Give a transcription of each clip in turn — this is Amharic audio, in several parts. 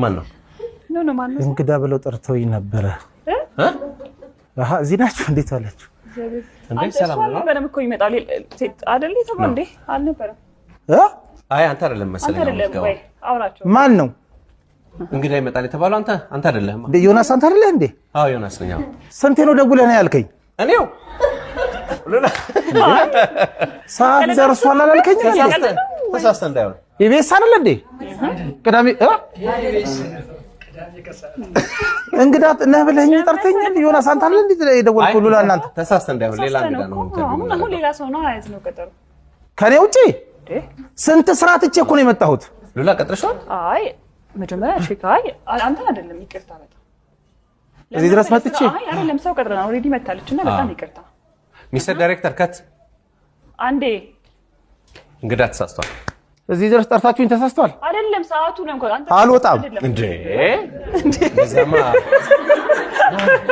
ማን ነው? እንግዳ ብለው ጠርተውኝ ነበረ። እዚህ ናችሁ? እንዴት አላችሁ? አልነበረም እኮ ይመጣል አይደል የተባለው? እንዴ አልነበረም። አይ አንተ አይደለም መሰለኝ። ማን ነው እንግዳ ይመጣል የተባለው? አንተ አንተ አይደለህ እንዴ? ዮናስ አንተ አይደለህ እንዴ? አዎ ዮናስ ነኝ። ስንቴ ነው ደውለህ ነው ያልከኝ? እኔው ሰዓት ደርሷል አላልከኝ? ተሳስተህ እንዳይሆን ኢቢኤስ አይደል እንዴ? ቅዳሜ እንግዳ ነህ ብለህ ጠርተኛል። ዮናስ አንተ አይደል እንዴ የደወልኩ? ሉላ እናንተ ተሳስተን እንዳይሆን ሌላ እንግዳ ነው። ከኔ ውጪ ስንት ስራ ትቼ እኮ ነው የመጣሁት። ሉላ ቀጥረሻል? አይ መጀመሪያ ቼክ አይ አንተ አይደለም ይቅርታ፣ በጣም እዚህ ድረስ መጥቼ አይደለም ሰው ቀጥረና ኦልሬዲ መታለች እና በጣም ይቅርታ ሚስተር ዳይሬክተር ከት አንዴ እንግዳ ተሳስቷል። እዚህ ድረስ ጠርታችሁኝ ተሳስተዋል። አይደለም ሰዓቱ ነው እንኳን አልወጣም እንዴ?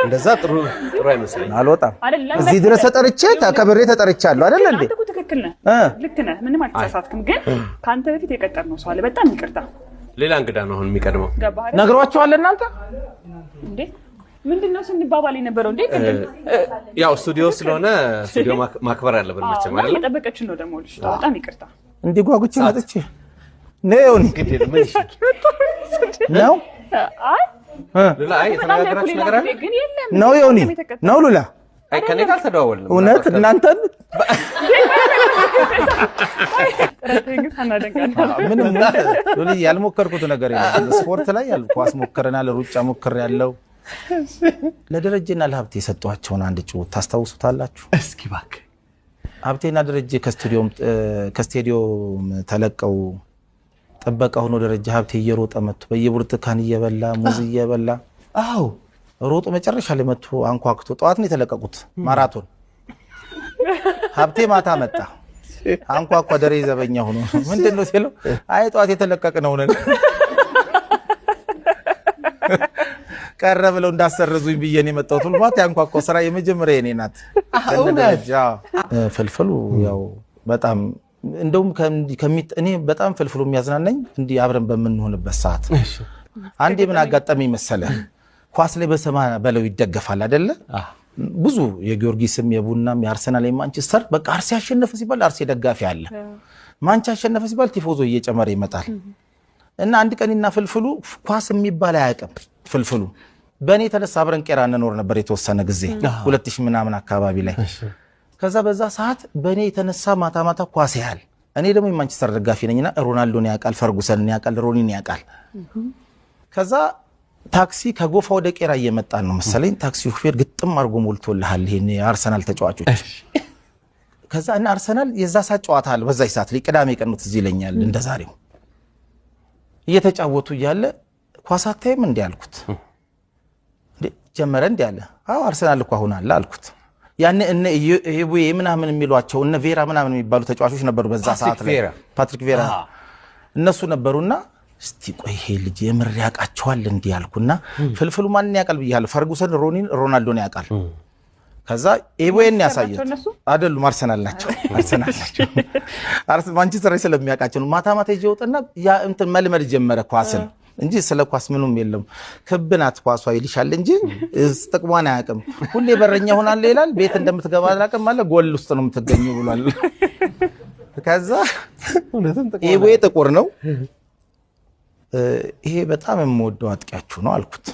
እንደዛ ጥሩ ጥሩ አይመስለኝም። አልወጣም እዚህ ድረስ ተጠርቼ ተከብሬ ተጠርቻለሁ አይደል እንዴ? አንተ ትክክል ነህ፣ ልክ ነህ፣ ምንም አልተሳሳትክም። ግን ከአንተ በፊት የቀጠርነው ሰው አለ። በጣም ይቅርታ። ሌላ እንግዳ ነው አሁን የሚቀድመው። ነግሯቸዋል እናንተ እንዴ? ምንድነው ስንባባል የነበረው? እንዴ? ያው ስቱዲዮ ስለሆነ ስቱዲዮ ማክበር አለብን መቼም አይደል? የጠበቀችን ነው ደግሞ በጣም ይቅርታ እንዲህ ጓጉቼ መጥቼ ነው ነው ነው ዮኒ ነው ሉላ እውነት እናንተን ምንም ያልሞከርኩት ነገር ስፖርት ላይ ኳስ ሞክረናል፣ ሩጫ ሞክር ያለው ለደረጀና ለሀብት የሰጧቸውን አንድ ጭውት ታስታውሱታላችሁ? እስኪ እባክህ ሀብቴና ደረጀ ከስቴዲዮም ተለቀው ጥበቃ ሆኖ ደረጀ ሀብቴ እየሮጠ መጥቶ በየብርቱካን እየበላ ሙዝ እየበላ አዎ፣ ሮጦ መጨረሻ ላይ መጥቶ አንኳክቶ ጠዋት ነው የተለቀቁት ማራቶን። ሀብቴ ማታ መጣ አንኳኳ፣ ደሬ ዘበኛ ሆኖ ምንድን ነው ሲለው፣ አይ ጠዋት የተለቀቅን ነው ነን ቀረ ብለው እንዳሰረዙኝ ብዬን የመጣሁት ልማት ያንኳኳ ስራ የመጀመሪያ የኔ ናት። ፍልፍሉ ያው በጣም እንደውም እኔ በጣም ፍልፍሉ የሚያዝናናኝ እንዲህ አብረን በምንሆንበት ሰዓት አንዴ ምን አጋጠመኝ መሰለህ፣ ኳስ ላይ በሰማ በለው ይደገፋል አይደለ? ብዙ የጊዮርጊስም የቡናም የአርሰናል የማንቸስተር በቃ አርሴ አሸነፈ ሲባል አርሴ ደጋፊ አለ፣ ማንቸ አሸነፈ ሲባል ቲፎዞ እየጨመረ ይመጣል። እና አንድ ቀንና ፍልፍሉ ኳስ የሚባል አያውቅም ፍልፍሉ በእኔ የተነሳ አብረን ቄራ እንኖር ነበር የተወሰነ ጊዜ ሁለት ሺህ ምናምን አካባቢ ላይ። ከዛ በዛ ሰዓት በእኔ የተነሳ ማታ ማታ ኳስ ያህል እኔ ደግሞ የማንቸስተር ደጋፊ ነኝና ሮናልዶን ያውቃል፣ ፈርጉሰንን ያውቃል፣ ሮኒን ያውቃል። ከዛ ታክሲ ከጎፋ ወደ ቄራ እየመጣን ነው መሰለኝ። ታክሲ ሹፌር ግጥም አድርጎ ሞልቶልሃል፣ ይሄን የአርሰናል ተጫዋቾች። ከዛ እና አርሰናል የዛ ሰዓት ጨዋታ አለ በዛ ሰዓት ላይ ቅዳሜ ቀኑ ትዝ ይለኛል። እንደዛሬው እየተጫወቱ እያለ ኳሳታይም እንዲህ አልኩት ጀመረ እንዲ አለ። አዎ አርሰናል እኮ አሁን አለ አልኩት። ያኔ እነ ኢቡዬ ምናምን የሚሏቸው እነ ቬራ ምናምን የሚባሉ ተጫዋቾች ነበሩ በዛ ሰዓት ላይ ፓትሪክ ቬራ እነሱ ነበሩና እስቲ ቆይ ይሄ ልጅ የምር ያውቃቸዋል እንዲህ ያልኩና ፍልፍሉ ማንን ያውቃል ብያለሁ። ፈርጉሰን ሮኒን፣ ሮናልዶን ያውቃል። ከዛ ኤቦዬን ያሳየት አይደሉም፣ አርሰናል ናቸው። አርሰናል ናቸው። ማንቸስተር ስለሚያውቃቸው ነው። ማታ ማታ ይዤ ወጥና ያ እንትን መልመድ ጀመረ ኳስን እንጂ ስለ ኳስ ምኑም የለም። ክብ ናት ኳሷ ይልሻል እንጂ ጥቅሟን አያውቅም። ሁሌ በረኛ ሆናል ይላል። ቤት እንደምትገባ አላውቅም አለ። ጎል ውስጥ ነው የምትገኙ ብሏል። ከዛ ይሄ ጥቁር ነው ይሄ በጣም የምወደው አጥቂያችሁ ነው አልኩት።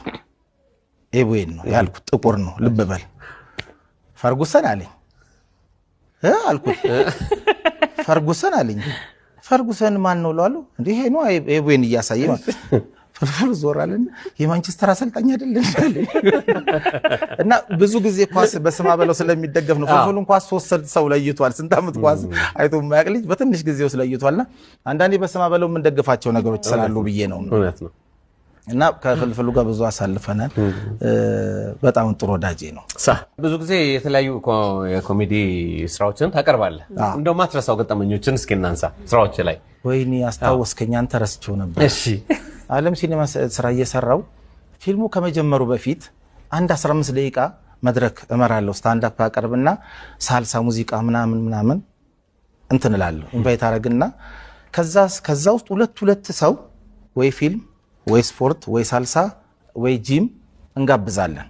ኤቦይን ነው ያልኩት። ጥቁር ነው ልብ በል ፈርጉሰን አለኝ አልኩት። ፈርጉሰን አለኝ ፈርጉሰን ማን ነው ሏሉ እንዲህ ሄኖ ነው እያሳየ ፍልፍል ዞራለን የማንቸስተር አሰልጣኝ አይደለን እና ብዙ ጊዜ ኳስ በስማ በለው ስለሚደገፍ ነው። ፍልፍሉን ኳስ ሶስት ሰው ለይቷል። ስንት ዓመት ኳስ አይቶ የማያውቅ ልጅ በትንሽ ጊዜ ውስጥ ለይቷልና አንዳንዴ በስማ በለው የምንደግፋቸው ነገሮች ስላሉ ብዬ ነው። እና ከፍልፍሉ ጋር ብዙ አሳልፈናል። በጣም ጥሩ ወዳጄ ነው። ብዙ ጊዜ የተለያዩ የኮሜዲ ስራዎችን ታቀርባለህ። እንደው ማትረሳው ገጠመኞችን እስኪ እናንሳ ስራዎች ላይ። ወይኔ አስታወስከኝ፣ አንተ ረስቼው ነበር። አለም ሲኒማ ስራ እየሰራው ፊልሙ ከመጀመሩ በፊት አንድ 15 ደቂቃ መድረክ እመራለሁ። ስታንዳፕ አቀርብና ሳልሳ ሙዚቃ ምናምን ምናምን እንትንላለሁ። ኢንቫይት አረግና ከዛ ውስጥ ሁለት ሁለት ሰው ወይ ፊልም ወይ ስፖርት ወይ ሳልሳ ወይ ጂም እንጋብዛለን።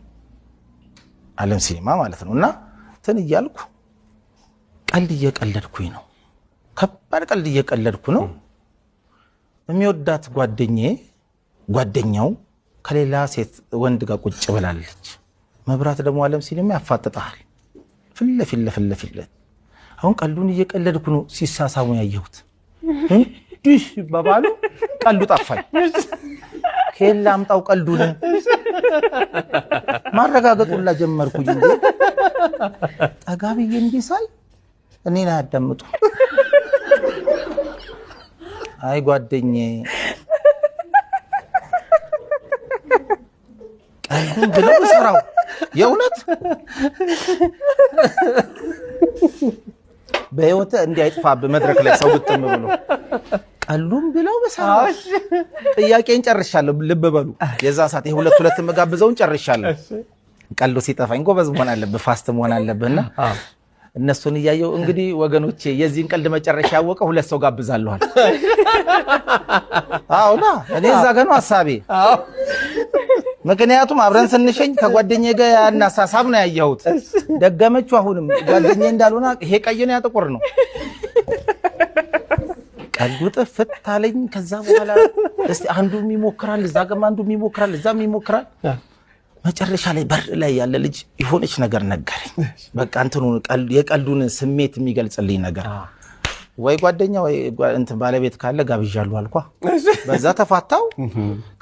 አለም ሲኒማ ማለት ነው። እና እንትን እያልኩ ቀልድ እየቀለድኩኝ ነው። ከባድ ቀልድ እየቀለድኩ ነው። የሚወዳት ጓደኛዬ ጓደኛው ከሌላ ሴት ወንድ ጋር ቁጭ ብላለች። መብራት ደግሞ አለም ሲኒማ ያፋጥጠሃል። ፊትለፊት ለፊት አሁን ቀልዱን እየቀለድኩ ነው። ሲሳሳሙ ያየሁት እንዲህ ይባባሉ ቀልዱ ጠፋኝ። ከየት ላምጣው ቀልዱን ማረጋገጡላ ጀመርኩኝ። እንዴ ጠጋ ብዬ እንዲህ ሳይ እኔን አያዳምጡ። አይ ጓደኝ ቀልዱን ብለው ሰራው። የእውነት በህይወት እንዲህ በመድረክ ላይ ሰው ብትም ብሎ ቀሉም ብለው በሰራሽ ጥያቄን ጨርሻለሁ። ልብ በሉ የዛ ሰዓት ሁለት ሁለት መጋብዘውን ጨርሻለሁ። ቀሉ ሲጠፋኝ ጎበዝ መሆን አለብህ፣ ፋስት መሆን አለብህና እነሱን እያየው እንግዲህ ወገኖቼ የዚህን ቀልድ መጨረሻ ያወቀ ሁለት ሰው ጋብዛለኋል። አሁና እኔ እዛ ገኑ ሀሳቤ። ምክንያቱም አብረን ስንሸኝ ከጓደኛ ጋር ያናሳሳብ ነው ያየሁት። ደገመችው። አሁንም ጓደኛ እንዳልሆነ ይሄ ቀይ ነው ያጥቁር ነው ቀልጉጥ ፍታለኝ። ከዛ በኋላ እስቲ አንዱም ይሞክራል፣ እዛ ጋም አንዱም ይሞክራል፣ እዛም ይሞክራል። መጨረሻ ላይ በር ላይ ያለ ልጅ የሆነች ነገር ነገረኝ። በቃ እንትኑ የቀልዱን ስሜት የሚገልጽልኝ ነገር ወይ ጓደኛ ወይ እንትን ባለቤት ካለ ጋብዣሉ አልኳ። በዛ ተፋታው።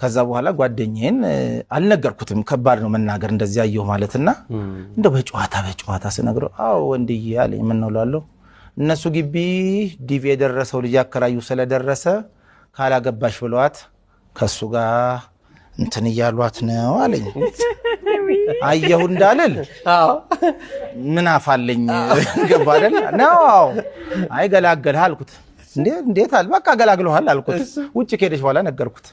ከዛ በኋላ ጓደኛዬን አልነገርኩትም። ከባድ ነው መናገር እንደዚህ አየሁ ማለትና እንደ በጨዋታ በጨዋታ ስነግረው አዎ ወንድዬ አለኝ። ምን ነው እላለሁ እነሱ ግቢ ዲቪ የደረሰው ልጅ አከራዩ ስለደረሰ ካላገባሽ ብለዋት ከሱ ጋር እንትን እያሏት ነው አለኝ። አየሁ እንዳልል ምን አፋለኝ ገባ አይደል ነው። አይ ገላገልህ አልኩት። እንዴት አለ። በቃ ገላግለሃል አልኩት። ውጭ ከሄደች በኋላ ነገርኩት።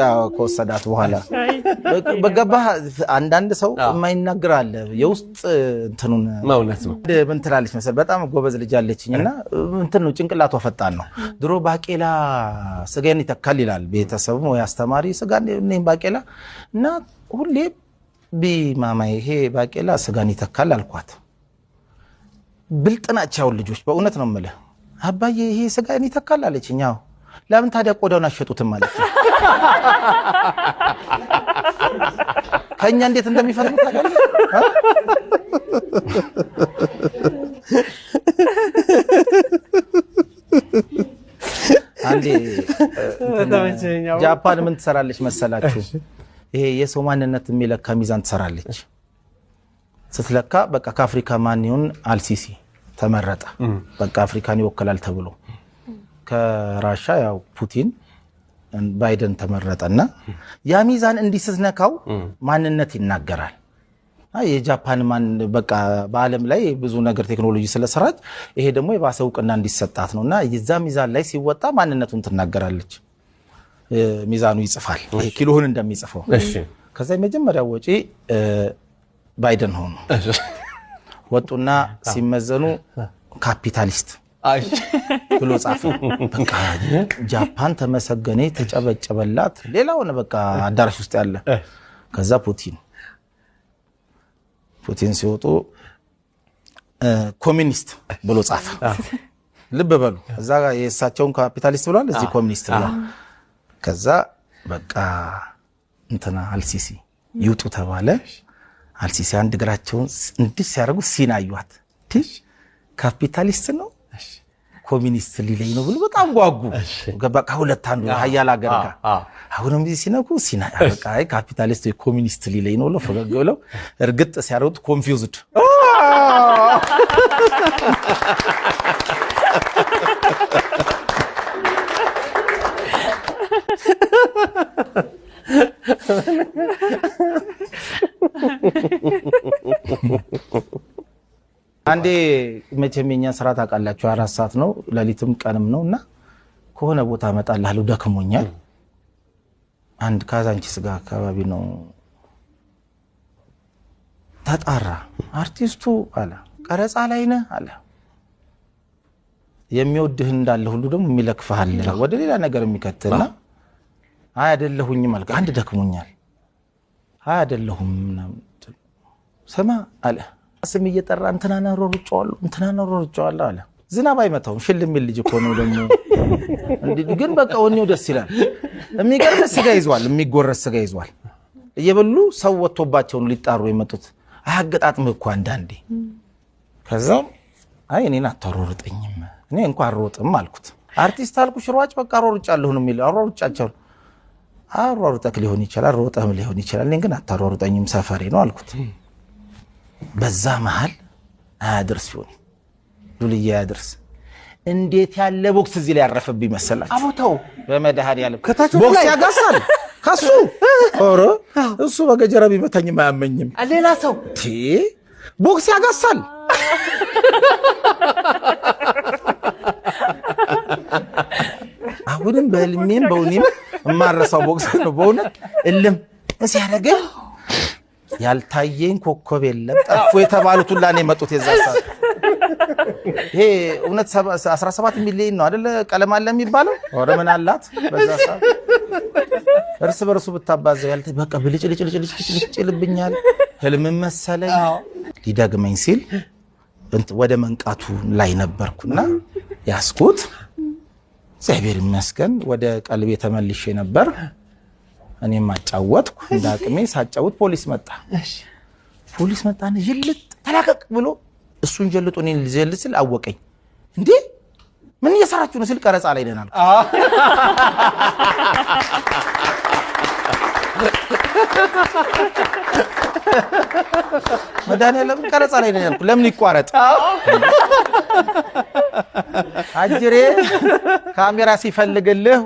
ያው ከወሰዳት በኋላ በገባህ አንዳንድ ሰው የማይናገር አለ። የውስጥ እንትኑን መውነት ነው። ምን ትላለች መሰለህ? በጣም ጎበዝ ልጅ አለችኝ እና እንትን ነው ጭንቅላቷ ፈጣን ነው። ድሮ ባቄላ ስጋን ይተካል ይላል ቤተሰብ ወይ አስተማሪ ስጋ ባቄላ እና ሁሌ ቢማማ ይሄ ባቄላ ስጋን ይተካል አልኳት። ብልጥ ልጆች፣ በእውነት ነው የምልህ አባዬ ይሄ ስጋን ይተካል አለችኝ። ያው ለምን ታዲያ ቆዳውን አሸጡትም ማለት ነው። ከእኛ እንዴት እንደሚፈልጉ ታውቃለህ። አንዴ ጃፓን ምን ትሰራለች መሰላችሁ? ይሄ የሰው ማንነት የሚለካ ሚዛን ትሰራለች። ስትለካ በቃ ከአፍሪካ ማን ይሁን አልሲሲ ተመረጠ፣ በቃ አፍሪካን ይወክላል ተብሎ ከራሻ ያው ፑቲን ባይደን ተመረጠና ያ ሚዛን እንዲህ ስትነካው ማንነት ይናገራል። የጃፓን ማን በቃ በዓለም ላይ ብዙ ነገር ቴክኖሎጂ ስለሰራች ይሄ ደግሞ የባሰ እውቅና እንዲሰጣት ነው እና የዛ ሚዛን ላይ ሲወጣ ማንነቱን ትናገራለች። ሚዛኑ ይጽፋል ኪሎህን እንደሚጽፈው። ከዛ የመጀመሪያ ወጪ ባይደን ሆኑ ወጡና ሲመዘኑ ካፒታሊስት ብሎ ጻፈ። ጃፓን ተመሰገነ፣ ተጨበጨበላት። ሌላውን በቃ አዳራሽ ውስጥ ያለ ከዛ ፑቲን ፑቲን ሲወጡ ኮሚኒስት ብሎ ጻፈ። ልብ በሉ እዛ የእሳቸውን ካፒታሊስት ብሏል፣ እዚህ ኮሚኒስት ብሏል። ከዛ በቃ እንትና አልሲሲ ይውጡ ተባለ። አልሲሲ አንድ እግራቸውን እንዲህ ሲያደርጉ ሲናዩት ካፒታሊስት ነው ኮሚኒስት ሊለይ ነው ብሎ በጣም ጓጉ። በቃ ሁለት አንዱ ሀያል ሀገር ጋር አሁንም ሲነኩ ካፒታሊስት ኮሚኒስት ሊለይ ነው ብለው ፈገግ ብለው እርግጥ ሲያደርጉት ኮንፊውዝድ አንዴ መቼም የኛ ስራ ታውቃላችሁ፣ አራት ሰዓት ነው ሌሊትም ቀንም ነው እና ከሆነ ቦታ እመጣልሃለሁ ደክሞኛል። አንድ ካዛንቺስ ጋር አካባቢ ነው ተጣራ። አርቲስቱ አለ ቀረጻ ላይ ነህ አለ የሚወድህ እንዳለ ሁሉ ደግሞ የሚለክፍሃል ወደ ሌላ ነገር የሚከትልና አይ አይደለሁኝም አልክ። አንድ ደክሞኛል፣ አይ አይደለሁም ስማ አለ ስም እየጠራ እንትናና ሮርጨዋለሁ እንትናና ሮርጨዋለሁ አለ። ዝናብ አይመታውም። ሽልሚል ልጅ እኮ ነው ደግሞ ግን በቃ ወኔው ደስ ይላል። የሚገርም ስጋ ይዟል፣ የሚጎረስ ስጋ ይዟል። እየበሉ ሰው ወጥቶባቸውን ሊጣሩ የመጡት አያገጣጥምህ እኮ አንዳንዴ። ከዛም አይ እኔን አታሮርጠኝም፣ እኔ እንኳ አሮጥም አልኩት። አርቲስት አልኩሽ ሯጭ በቃ አሮርጫለሁ ነው የሚለው። አሮርጫቸው አሯሩጠክ ሊሆን ይችላል፣ ሮጠህም ሊሆን ይችላል። እኔን ግን አታሮርጠኝም፣ ሰፈሬ ነው አልኩት። በዛ መሀል አያድርስ ይሆን ዱልያ አያድርስ። እንዴት ያለ ቦክስ እዚህ ላይ ያረፈብኝ መሰላችሁ? አቦታው ያለ ቦክስ ያጋሳል ከሱ ኦሮ እሱ በገጀራ ቢመታኝም አያመኝም። ሌላ ሰው ቦክስ ያጋሳል። አሁንም በህልሜም በውኔም የማረሳው ቦክስ ነው። በእውነት እልም ሲያደርገኝ ያልታየኝ ኮከብ የለም ጠፉ የተባሉት ሁላ ነው የመጡት። የዛ ሰዓት ይሄ እውነት 17 ሚሊዮን ነው አደለ? ቀለም አለ የሚባለው ኧረ ምን አላት በዛ ሰዓት እርስ በርሱ ብታባዘው ያልተ በቃ ብልጭልጭልጭልጭልጭ ህልምን መሰለኝ ሊደግመኝ ሲል ወደ መንቃቱ ላይ ነበርኩና ያስኩት። እግዚአብሔር ይመስገን ወደ ቀልቤ ተመልሼ ነበር። እኔ አጫወትኩ እንደ አቅሜ ሳጫወት ፖሊስ መጣ። ፖሊስ መጣ ይልጥ ተላቀቅ ብሎ እሱን ጀልጦ እኔን ሊጀልጥ ስል አወቀኝ። እንዴ ምን እየሰራችሁ ነው ስል ቀረጻ ላይ ነን አልኩት። መድኃኒዓለም ቀረጻ ላይ ነው ያልኩህ። ለምን ይቋረጥ? አጅሬ ካሜራ ሲፈልግልህ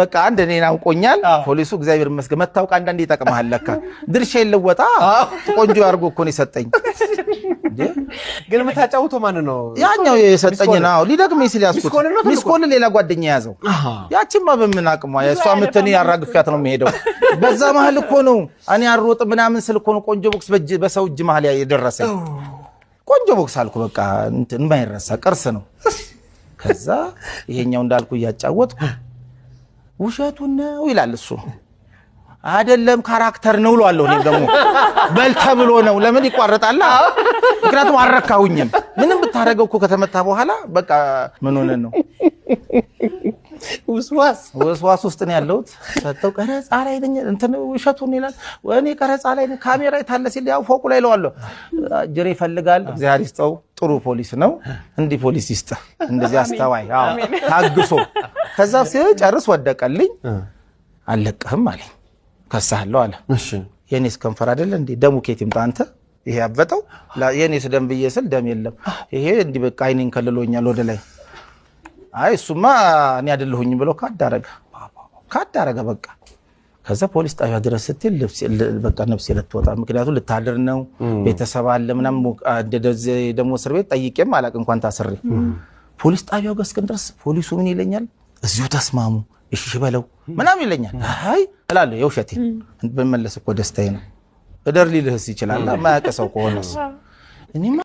በቃ አንድ እኔን አውቆኛል ፖሊሱ። እግዚአብሔር ይመስገን መታወቅ አንዳንዴ ይጠቅመሃል ለካ። ድርሻ ይለወጣ ቆንጆ አድርጎ እኮ ነው የሰጠኝ። ግን የምታጫውተው ማን ነው? ያኛው የሰጠኝን። አዎ ሊደግመኝ ሲል ያዝኩት። ኮል ሌላ ጓደኛ የያዘው ያቺማ በምን አቅሟ የእሷ ምትን ያራግፊያት ነው የሚሄደው። በዛ መሀል እኮ ነው እኔ አሮጥ ምናምን ስል እኮ ነው ቆንጆ ቦክስ በሰው እጅ መሀል የደረሰ ቆንጆ ቦክስ አልኩ። በቃ የማይረሳ ቅርስ ነው። ከዛ ይሄኛው እንዳልኩ እያጫወትኩ ውሸቱን ነው ይላል እሱ አይደለም ካራክተር ነው ብሏለሁ። እኔም ደግሞ በል ተብሎ ነው ለምን ይቋረጣል? ምክንያቱም አረካሁኝም። ምንም ብታደርገው እኮ ከተመታ በኋላ በቃ ምን ሆነን ነው ውስዋስ ውስዋስ ውስጥ ነው ያለሁት። ሰጠው ቀረጻ ላይ ነኝ እንትን ውሸቱን ይላል። እኔ ቀረጻ ላይ ካሜራ የታለ ሲል ያው ፎቁ ላይ እለዋለሁ። ጅሬ ይፈልጋል። እግዚአብሔር ይስጠው። ጥሩ ፖሊስ ነው። እንዲህ ፖሊስ ይስጥ፣ እንደዚህ አስተዋይ፣ ታግሶ። ከዛ ሲጨርስ ወደቀልኝ። አለቀህም አለኝ ከሳለው አለ። የኔስ ከንፈር አይደለ እንዴ? ደሙ ኬት ይምጣ አንተ ይሄ ያበጠው የኔስ ደም ብዬ ስል ደም የለም። ይሄ እንዲህ በቃ አይኔን ከልሎኛል ወደ ላይ። አይ እሱማ እኔ አይደለሁኝም ብሎ ካዳረገ ካዳረገ በቃ ከዛ ፖሊስ ጣቢያ ድረስ ስትል በቃ ነፍሴ ልትወጣ ምክንያቱም ልታድር ነው፣ ቤተሰብ አለ ምናምን። ደግሞ እስር ቤት ጠይቄም አላቅ እንኳን ታስሬ ፖሊስ ጣቢያው ገስቅን ድረስ ፖሊሱ ምን ይለኛል? እዚሁ ተስማሙ እሺ በለው ምናምን ይለኛል። አይ እላለሁ። የውሸቴ ብመለስ እኮ ደስታዬ ነው። እደር ሊልህስ ይችላል። ማያቀሰው ከሆነ እኔማ